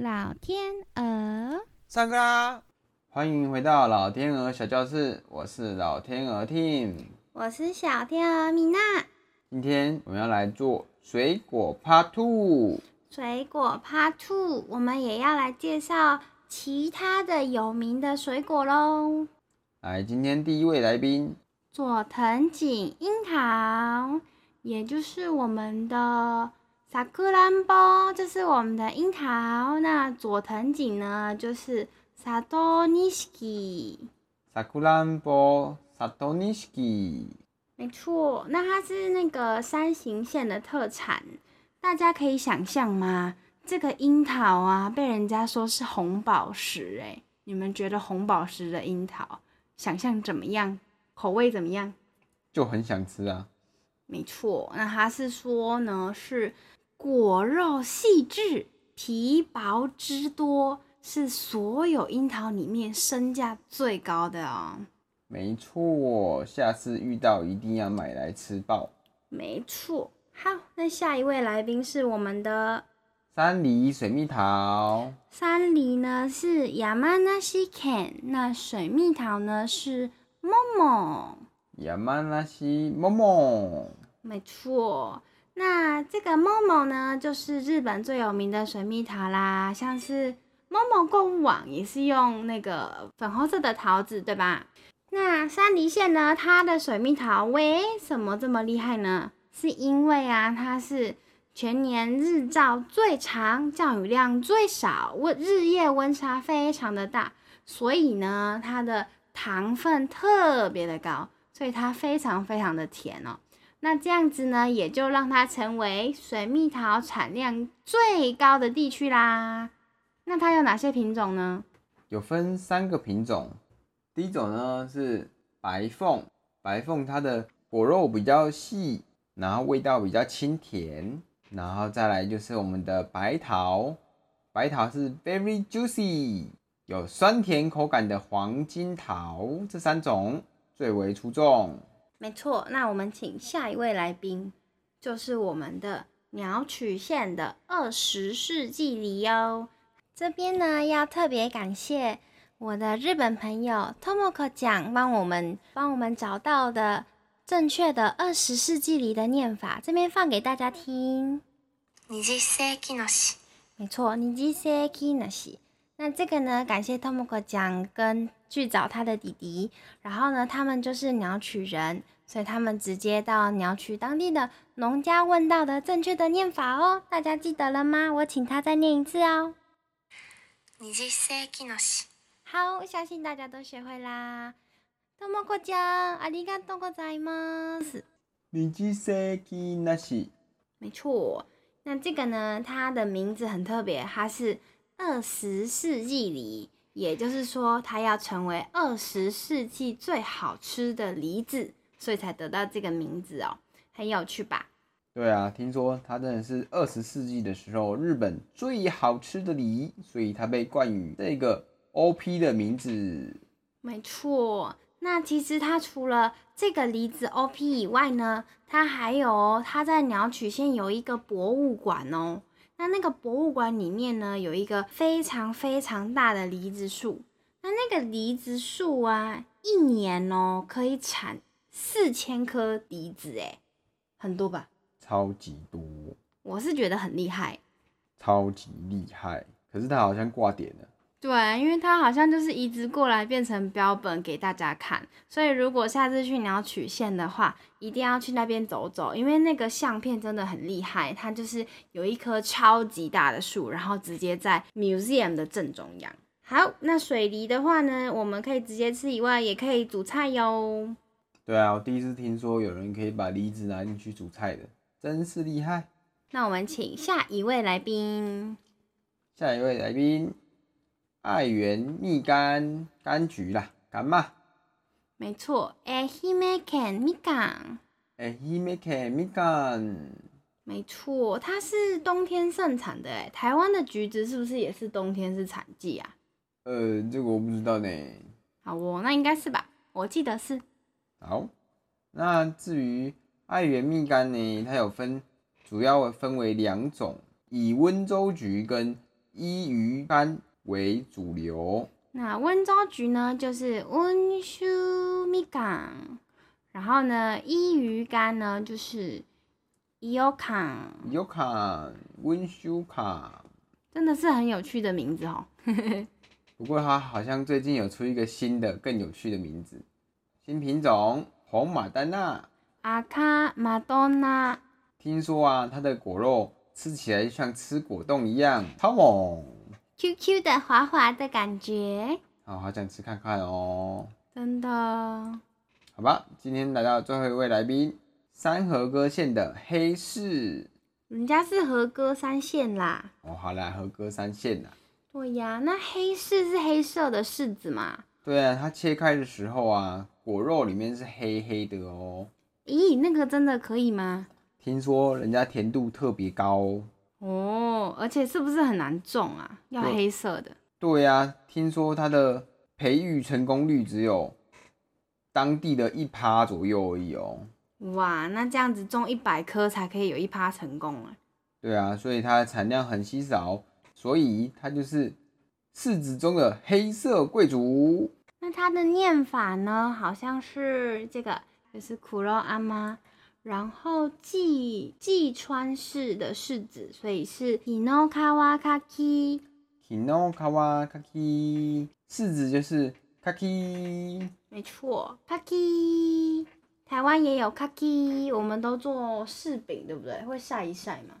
老天鵝，上課啦！歡迎回到老天鵝小教室，我是老天鵝 Tim，我是小天鵝米娜。今天我們要來做水果趴兔，水果趴兔，我們也要來介紹其他的有名的水果嘍。來，今天第一位來賓，佐藤井櫻桃，也就是我們的。薩庫蘭波就是我們的櫻桃，那佐藤錦呢就是薩多尼斯基。薩庫蘭波，薩多尼斯基。沒錯，那它是那個山形縣的特產，大家可以想象嗎？這個櫻桃啊，被人家說是紅寶石哎、欸，你們覺得紅寶石的櫻桃，想象怎麼樣？口味怎麼樣？就很想吃啊。沒錯，那它是說呢是。果肉細緻、皮薄汁多，是所有櫻桃裡面身價最高的哦。沒錯，下次遇到一定要買來吃爆。沒錯，好，那下一位來賓是我們的山梨水蜜桃。山梨呢是 Yamanashi Ken；那水蜜桃呢是 Momo。Yamanashi Momo，沒錯。那這個 momo 呢，就是日本最有名的水蜜桃啦，像是 momo 購物網也是用那個粉紅色的桃子，對吧？那山梨縣呢，它的水蜜桃為什麼這麼厲害呢？是因為啊，它是全年日照最長、降雨量最少、溫日夜溫差非常的大，所以呢，它的糖分特別的高，所以它非常非常的甜哦。那這樣子呢，也就讓它成為水蜜桃產量最高的地區啦。那它有哪些品種呢？有分三個品種，第一種呢是白鳳，白鳳它的果肉比較細，然後味道比較清甜，然後再來就是我們的白桃，白桃是 very juicy，有酸甜口感的黃金桃，這三種最為出眾。沒錯，那我們請下一位來賓，就是我們的鳥取縣的二十世紀梨哦。這邊呢要特別感謝我的日本朋友 Tomoko 醬，幫我們幫我們找到的正確的二十世紀梨的念法。這邊放給大家聽：二十世紀のし。沒錯，二十世紀のし。那這個呢？感謝トモコちゃん跟去找他的弟弟，然後呢，他們就是鳥取人，所以他們直接到鳥取當地的農家問到的正確的念法哦。大家記得了嗎？我請他再念一次哦。二十世紀なし。好，相信大家都學會啦。トモコちゃん，ありがとうございます。二十世紀なし。沒錯。那這個呢？它的名字很特別，它是。二十世紀梨，也就是說，它要成為二十世紀最好吃的梨子，所以才得到這個名字哦。很有趣吧？對啊，聽說它真的是二十世紀的時候日本最好吃的梨，所以它被冠以這個 OP 的名字。沒錯，那其實它除了這個梨子 OP 以外呢，它還有，它在鳥取縣有一個博物館哦。那那個博物館裡面呢，有一個非常非常大的梨子樹。那那個梨子樹啊，一年哦、喔、可以產四千顆梨子，哎，很多吧？超級多。我是覺得很厲害，超級厲害。可是它好像掛點了。對，因為它好像就是移植過來變成標本給大家看，所以如果下次去鳥取縣的話，一定要去那邊走走，因為那個相片真的很厲害。它就是有一棵超級大的樹，然後直接在 museum 的正中央。好，那水梨的話呢，我們可以直接吃以外，也可以煮菜喲。對啊，我第一次聽說有人可以把梨子拿進去煮菜的，真是厲害。那我們請下一位來賓，下一位來賓。愛媛蜜柑柑橘啦，幹嘛？沒錯，愛媛縣蜜柑，愛媛縣蜜柑，沒錯，它是冬天盛產的。哎，台灣的橘子是不是也是冬天是產季啊？呃，這個我不知道呢。好哦，那應該是吧，我記得是。好，那至於愛媛蜜柑呢，它有分，主要分為兩種，以溫州橘跟伊予柑為主流，那溫州橘呢就是溫州蜜柑，然後呢，伊予柑呢就是伊予柑，伊予柑，溫州柑，真的是很有趣的名字哦、喔。 不過它好像最近有出一個新的更有趣的名字，新品種紅馬丹娜，阿卡馬多娜，聽說啊，它的果肉吃起來就像吃果凍一樣，超猛。Q Q 的滑滑的感覺，我、哦、好想吃看看哦。真的？好吧，今天來到最後一位來賓，山和歌縣的黑柿。人家是和歌山縣啦。哦，好啦，和歌山縣的。對呀、啊，那黑柿是黑色的柿子嗎？對啊，它切開的時候啊，果肉裡面是黑黑的哦。咦，那個真的可以嗎？聽說人家甜度特別高、哦。哦，而且是不是很難種啊？要黑色的。對呀，對啊，聽說它的培育成功率只有當地的一趴左右而已哦。哇，那這樣子種一百顆才可以有一趴成功啊。對啊，所以它的產量很稀少，所以它就是柿子中的黑色貴族。那它的念法呢？好像是這個，就是苦肉阿媽。然後紀，紀の川市的柿子，所以是 kinokawa kaki，kinokawa kaki，柿子就是 kaki。沒錯，kaki，台灣也有 kaki，我們都做柿餅，對不對？會曬一曬嗎？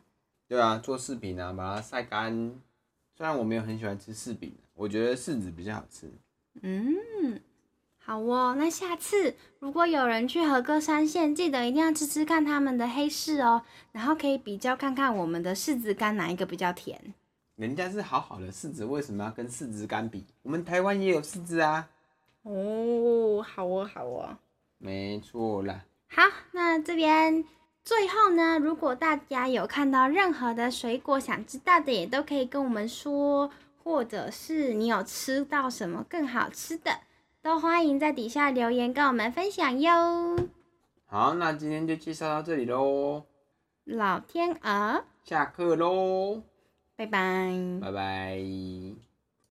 對啊，做柿餅啊，把它曬乾。雖然我沒有很喜歡吃柿餅，我覺得柿子比較好吃。嗯。好哦，那下次如果有人去和歌山縣，記得一定要吃吃看他們的黑柿哦，然後可以比較看看我們的柿子乾哪一個比較甜。人家是好好的柿子，為什麼要跟柿子乾比？我們台灣也有柿子啊。哦，好哦，好哦，沒錯啦。好，那這邊最後呢，如果大家有看到任何的水果想吃大的，想知道的也都可以跟我們說，或者是你有吃到什麼更好吃的。都歡迎在底下留言跟我們分享喲。好，那今天就介紹到這裡嘍。老天鵝，下課嘍，拜拜，拜拜。